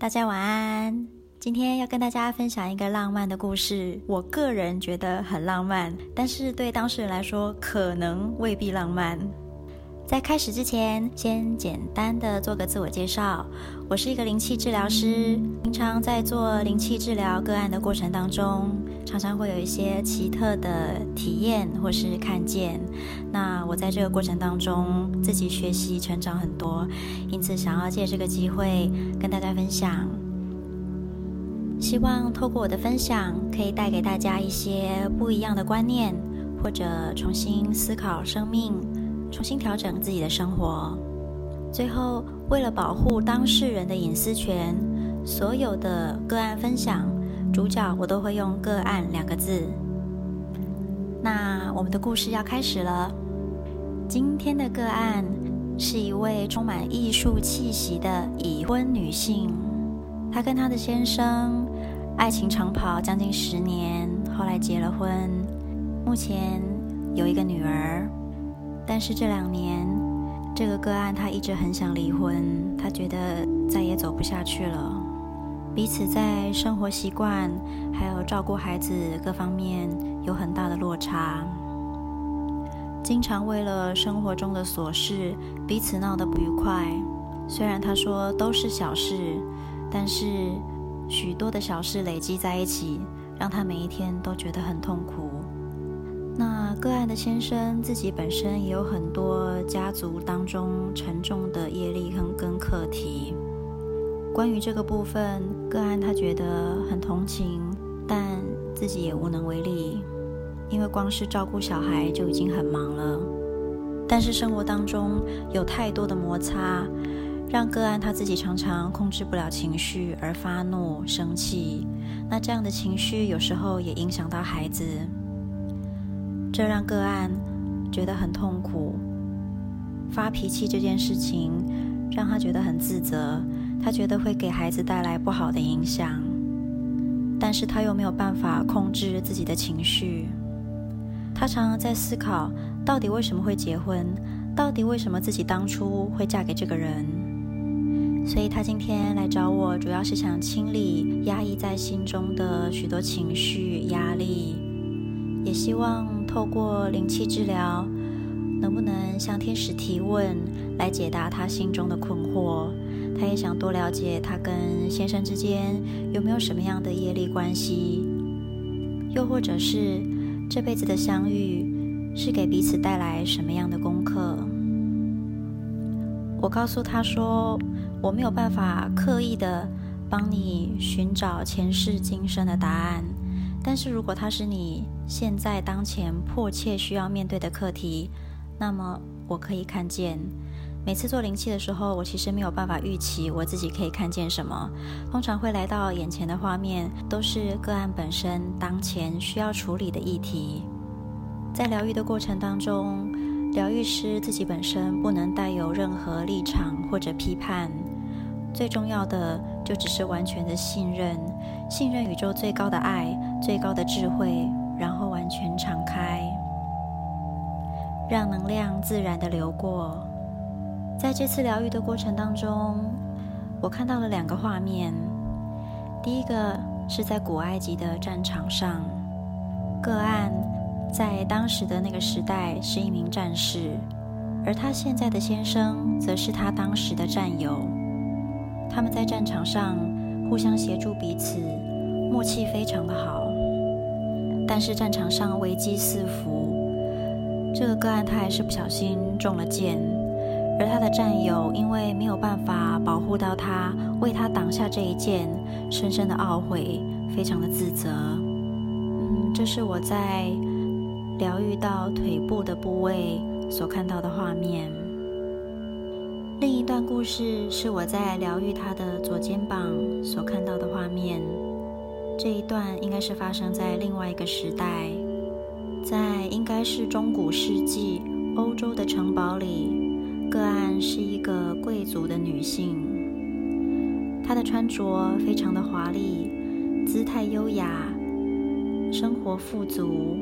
大家晚安。今天要跟大家分享一個浪漫的故事，我個人覺得很浪漫，但是對當事人來說，可能未必浪漫。在開始之前，先簡單地做個自我介紹。我是一個靈氣治療師，平常在做靈氣治療個案的過程當中，常常會有一些奇特的體驗或是看見。那我在這個過程當中，自己學習成長很多，因此想要借這個機會跟大家分享。希望透過我的分享，可以帶給大家一些不一樣的觀念，或者重新思考生命。重新調整自己的生活。最後，為了保護當事人的隱私權，所有的個案分享主角我都會用“個案”兩個字。那我們的故事要開始了。今天的個案是一位充滿藝術氣息的已婚女性，她跟她的先生愛情長跑將近十年，後來結了婚，目前有一個女兒。但是這兩年，這個個案他一直很想離婚，他覺得再也走不下去了。彼此在生活習慣，還有照顧孩子各方面有很大的落差。經常為了生活中的瑣事，彼此鬧得不愉快。雖然他說都是小事，但是許多的小事累積在一起，讓他每一天都覺得很痛苦。那個案的先生自己本身也有很多家族當中沉重的業力跟跟課題。關於這個部分，個案他覺得很同情，但自己也無能為力，因為光是照顧小孩就已經很忙了。但是生活當中有太多的摩擦，讓個案他自己常常控制不了情緒而發怒生氣，那這樣的情緒有時候也影響到孩子。這讓個案覺得很痛苦。發脾氣這件事情讓他覺得很自責，他覺得會給孩子帶來不好的影響，但是他又沒有辦法控制自己的情緒。他常常在思考到底為什麼會結婚，到底為什麼自己當初會嫁給這個人，所以他今天來找我，主要是想清理壓抑在心中的許多情緒壓力，也希望。透過靈氣治療，能不能向天使提問來解答他心中的困惑？他也想多了解他跟先生之間有沒有什麼樣的業力關係，又或者是這輩子的相遇是給彼此帶來什麼樣的功課？我告訴他說，我沒有辦法刻意的幫你尋找前世今生的答案。但是，如果它是你現在當前迫切需要面對的課題，那麼我可以看見，每次做靈氣的時候，我其實沒有辦法預期我自己可以看見什麼。通常會來到眼前的畫面都是個案本身當前需要處理的議題。在療癒的過程當中，療癒師自己本身不能帶有任何立場或者批判，最重要的就只是完全的信任，信任宇宙最高的愛。最高的智慧，然後完全敞開，讓能量自然的流過。在這次療癒的過程當中，我看到了兩個畫面。第一個是在古埃及的戰場上，個案在當時的那個時代是一名戰士，而他現在的先生則是他當時的戰友。他們在戰場上互相協助彼此，默契非常的好。但是戰場上危機四伏，這個個案他還是不小心中了箭，而他的戰友因為沒有辦法保護到他，為他擋下這一箭，深深的懊悔，非常的自責。嗯，這是我在療癒到腿部的部位所看到的畫面。另一段故事是我在療癒他的左肩膀所看到的畫面。這一段應該是發生在另外一個時代，在應該是中古世紀歐洲的城堡裡，個案是一個貴族的女性，她的穿着非常的華麗，姿態優雅，生活富足，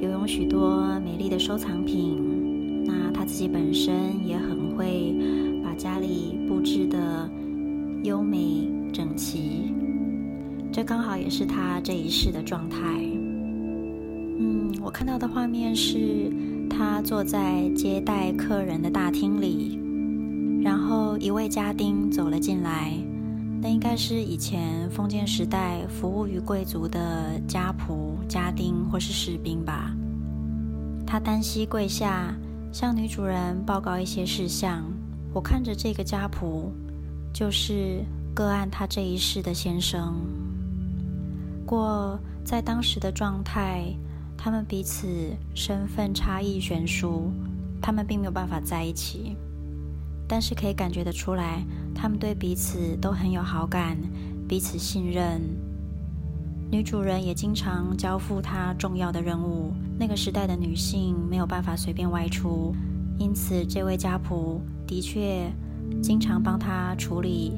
擁有許多美麗的收藏品。那她自己本身也很會把家裡布置的優美整齊。這剛好也是他這一世的狀態。嗯，我看到的畫面是他坐在接待客人的大廳裡，然後一位家丁走了進來。那應該是以前封建時代服務於貴族的家僕、家丁或是士兵吧？他單膝跪下，向女主人報告一些事項。我看着這個家僕，就是個案他這一世的先生。不過，在當時的狀態，他們彼此身份差異懸殊，他們並沒有辦法在一起。但是可以感覺得出來，他們對彼此都很有好感，彼此信任。女主人也經常交付她重要的任務。那個時代的女性沒有辦法隨便外出，因此這位家僕的確經常幫她處理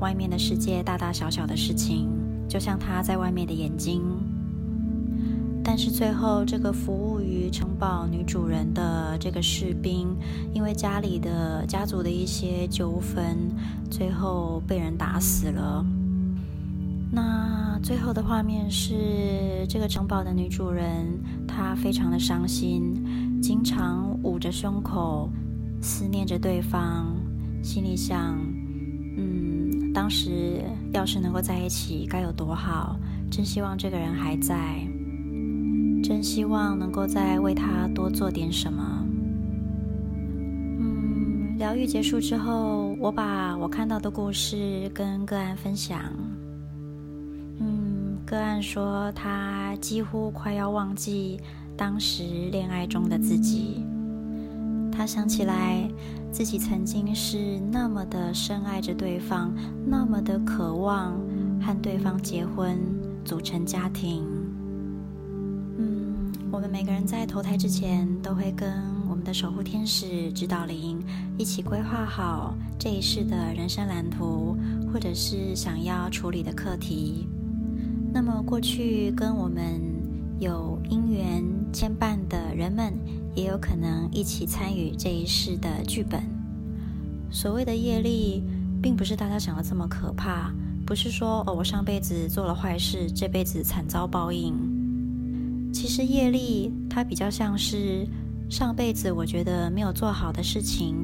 外面的世界大大小小的事情。就像他在外面的眼睛，但是最後，這個服務於城堡女主人的這個士兵，因為家裡的，家族的一些糾紛，最後被人打死了。那最後的畫面是，這個城堡的女主人，她非常的傷心，經常捂着胸口，思念着對方，心裡想，嗯。當時要是能夠在一起，該有多好！真希望這個人還在，真希望能夠再為他多做點什麼。嗯，療癒結束之後，我把我看到的故事跟個案分享。嗯，個案說他幾乎快要忘記當時戀愛中的自己。他想起來，自己曾經是那麼的深愛着對方，那麼的渴望和對方結婚組成家庭。嗯，我們每個人在投胎之前，都會跟我們的守護天使、指導靈一起規劃好這一世的人生藍圖，或者是想要處理的課題。那麼，過去跟我們有姻緣牽絆的人們。也有可能一起參與這一世的劇本。所謂的業力，並不是大家想的這麼可怕，不是說哦，我上輩子做了壞事，這輩子慘遭報應。其實業力它比較像是上輩子我覺得沒有做好的事情，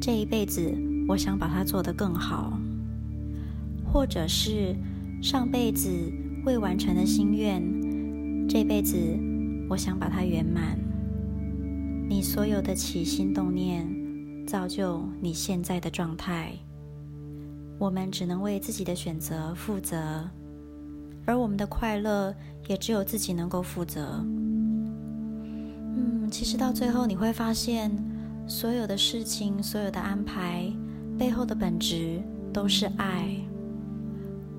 這一輩子我想把它做得更好，或者是上輩子未完成的心願，這輩子我想把它圓滿。你所有的起心動念，造就你現在的狀態。我們只能為自己的選擇負責，而我們的快樂也只有自己能夠負責。嗯，其實到最後你會發現，所有的事情、所有的安排背後的本質都是愛。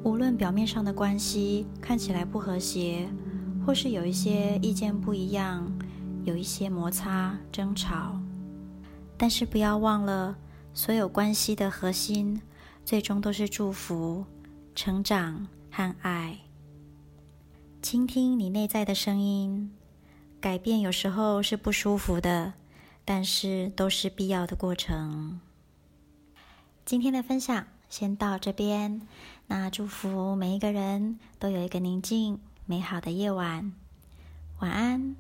無論表面上的關係看起來不和諧，或是有一些意見不一樣。有一些摩擦、爭吵，但是不要忘了，所有關係的核心最終，都是祝福、成長和愛。傾聽你內在的聲音，改變有時候是不舒服的，但是都是必要的過程。今天的分享先到這邊，那祝福每一個人都有一個寧靜、美好的夜晚，晚安。